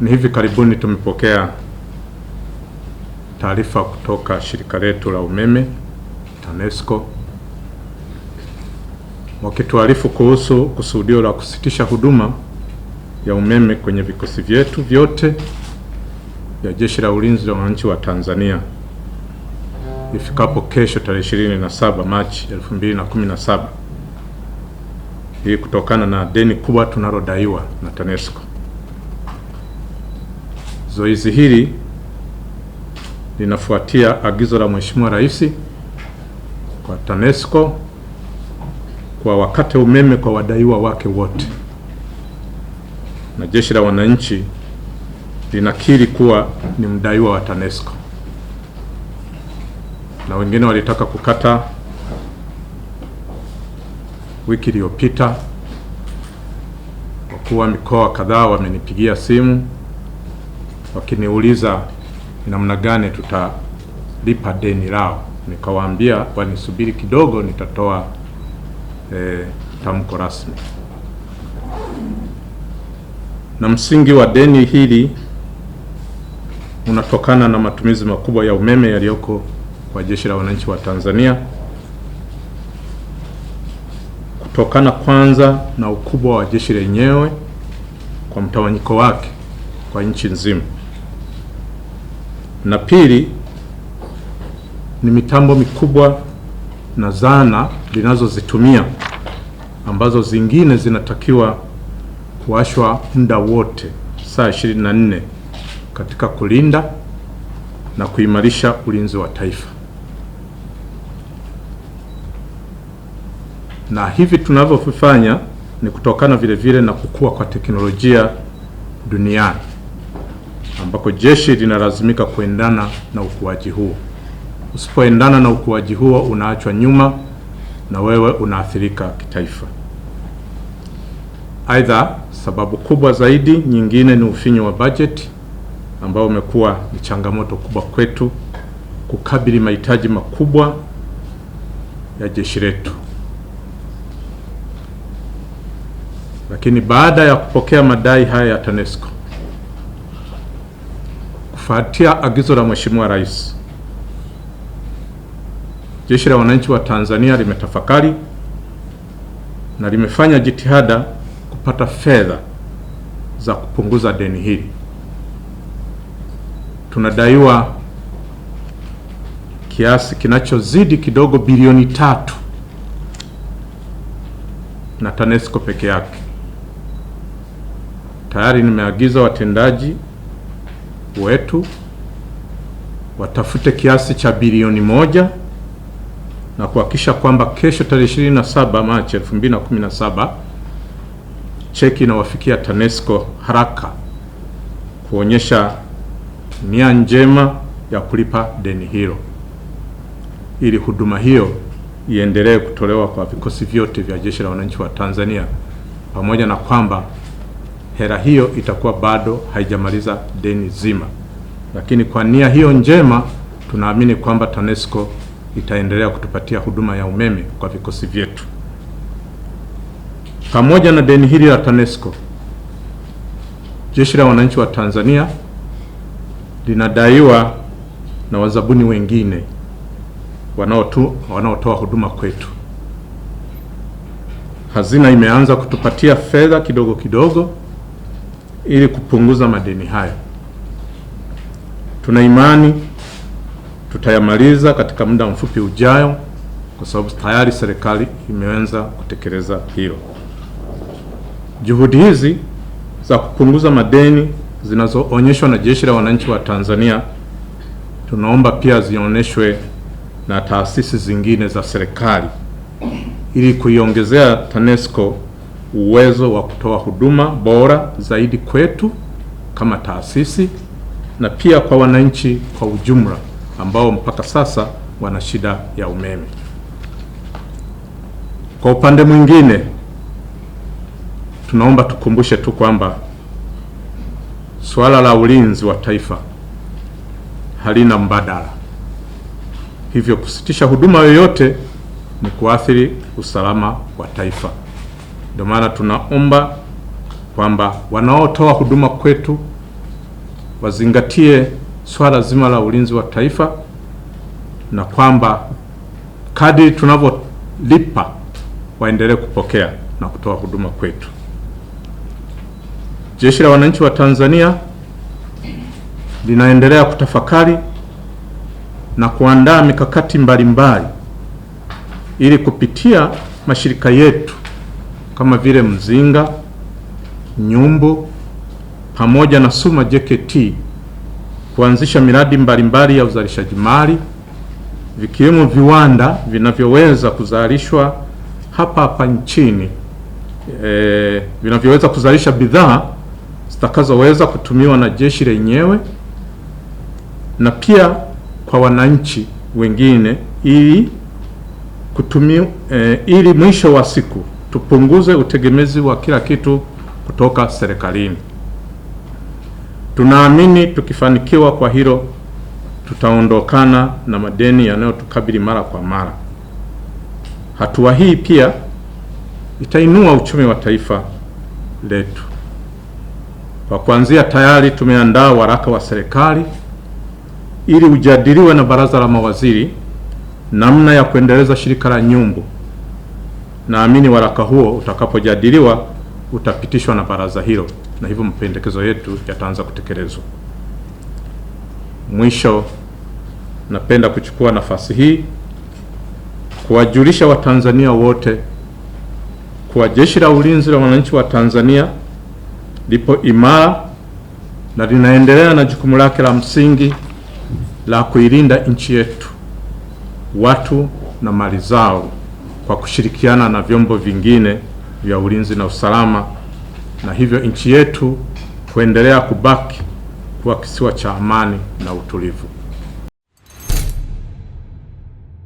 Ni hivi karibuni tumepokea taarifa kutoka shirika letu la umeme TANESCO wakituarifu kuhusu kusudio la kusitisha huduma ya umeme kwenye vikosi vyetu vyote vya Jeshi la Ulinzi la Wananchi wa Tanzania ifikapo kesho tarehe 27 Machi 2017 Hii kutokana na deni kubwa tunalodaiwa na TANESCO. Zoezi hili linafuatia agizo la Mheshimiwa Rais kwa TANESCO kwa wakate umeme kwa wadaiwa wake wote, na Jeshi la Wananchi linakiri kuwa ni mdaiwa wa TANESCO, na wengine walitaka kukata wiki iliyopita. Wakuu wa mikoa kadhaa wamenipigia simu wakiniuliza ni namna gani tutalipa deni lao, nikawaambia wanisubiri kidogo, nitatoa e, tamko rasmi. Na msingi wa deni hili unatokana na matumizi makubwa ya umeme yaliyoko kwa Jeshi la Wananchi wa Tanzania, kutokana kwanza na ukubwa wa jeshi lenyewe kwa mtawanyiko wake kwa nchi nzima na pili ni mitambo mikubwa na zana linazozitumia ambazo zingine zinatakiwa kuwashwa muda wote saa 24 katika kulinda na kuimarisha ulinzi wa taifa. Na hivi tunavyovifanya ni kutokana vile vile na kukua kwa teknolojia duniani ambapo jeshi linalazimika kuendana na ukuaji huo. Usipoendana na ukuaji huo, unaachwa nyuma na wewe unaathirika kitaifa. Aidha, sababu kubwa zaidi nyingine ni ufinyu wa bajeti ambao umekuwa ni changamoto kubwa kwetu kukabili mahitaji makubwa ya jeshi letu. Lakini baada ya kupokea madai haya ya TANESCO Kufuatia agizo la Mheshimiwa Rais, Jeshi la Wananchi wa Tanzania limetafakari na limefanya jitihada kupata fedha za kupunguza deni hili. Tunadaiwa kiasi kinachozidi kidogo bilioni tatu na TANESCO peke yake. Tayari nimeagiza watendaji wetu watafute kiasi cha bilioni moja na kuhakikisha kwamba kesho tarehe 27 Machi 2017 cheki inawafikia TANESCO haraka kuonyesha nia njema ya kulipa deni hilo ili huduma hiyo iendelee kutolewa kwa vikosi vyote vya Jeshi la Wananchi wa Tanzania, pamoja na kwamba hela hiyo itakuwa bado haijamaliza deni zima, lakini kwa nia hiyo njema tunaamini kwamba TANESCO itaendelea kutupatia huduma ya umeme kwa vikosi vyetu. Pamoja na deni hili la TANESCO, Jeshi la Wananchi wa Tanzania linadaiwa na wazabuni wengine wanaotu wanaotoa huduma kwetu. Hazina imeanza kutupatia fedha kidogo kidogo ili kupunguza madeni hayo. Tuna imani tutayamaliza katika muda mfupi ujayo, kwa sababu tayari serikali imeanza kutekeleza hilo. Juhudi hizi za kupunguza madeni zinazoonyeshwa na Jeshi la Wananchi wa Tanzania tunaomba pia zionyeshwe na taasisi zingine za serikali ili kuiongezea TANESCO uwezo wa kutoa huduma bora zaidi kwetu kama taasisi na pia kwa wananchi kwa ujumla ambao mpaka sasa wana shida ya umeme. Kwa upande mwingine, tunaomba tukumbushe tu kwamba suala la ulinzi wa taifa halina mbadala, hivyo kusitisha huduma yoyote ni kuathiri usalama wa taifa. Ndio maana tunaomba kwamba wanaotoa huduma kwetu wazingatie swala zima la ulinzi wa taifa, na kwamba kadri tunavyolipa waendelee kupokea na kutoa huduma kwetu. Jeshi la Wananchi wa Tanzania linaendelea kutafakari na kuandaa mikakati mbalimbali ili kupitia mashirika yetu kama vile mzinga, nyumbu pamoja na Suma JKT kuanzisha miradi mbalimbali ya uzalishaji mali vikiwemo viwanda vinavyoweza kuzalishwa hapa hapa nchini e, vinavyoweza kuzalisha bidhaa zitakazoweza kutumiwa na jeshi lenyewe na pia kwa wananchi wengine ili kutumia, e, ili mwisho wa siku tupunguze utegemezi wa kila kitu kutoka serikalini. Tunaamini tukifanikiwa kwa hilo, tutaondokana na madeni yanayotukabili mara kwa mara. Hatua hii pia itainua uchumi wa taifa letu. Kwa kuanzia, tayari tumeandaa waraka wa serikali ili ujadiliwe na baraza la mawaziri namna ya kuendeleza shirika la nyumbu Naamini waraka huo utakapojadiliwa utapitishwa na baraza hilo na hivyo mapendekezo yetu yataanza kutekelezwa. Mwisho, napenda kuchukua nafasi hii kuwajulisha Watanzania wote kuwa Jeshi la Ulinzi la Wananchi wa Tanzania lipo imara na linaendelea na jukumu lake la msingi la kuilinda nchi yetu, watu na mali zao kwa kushirikiana na vyombo vingine vya ulinzi na usalama, na hivyo nchi yetu kuendelea kubaki kuwa kisiwa cha amani na utulivu.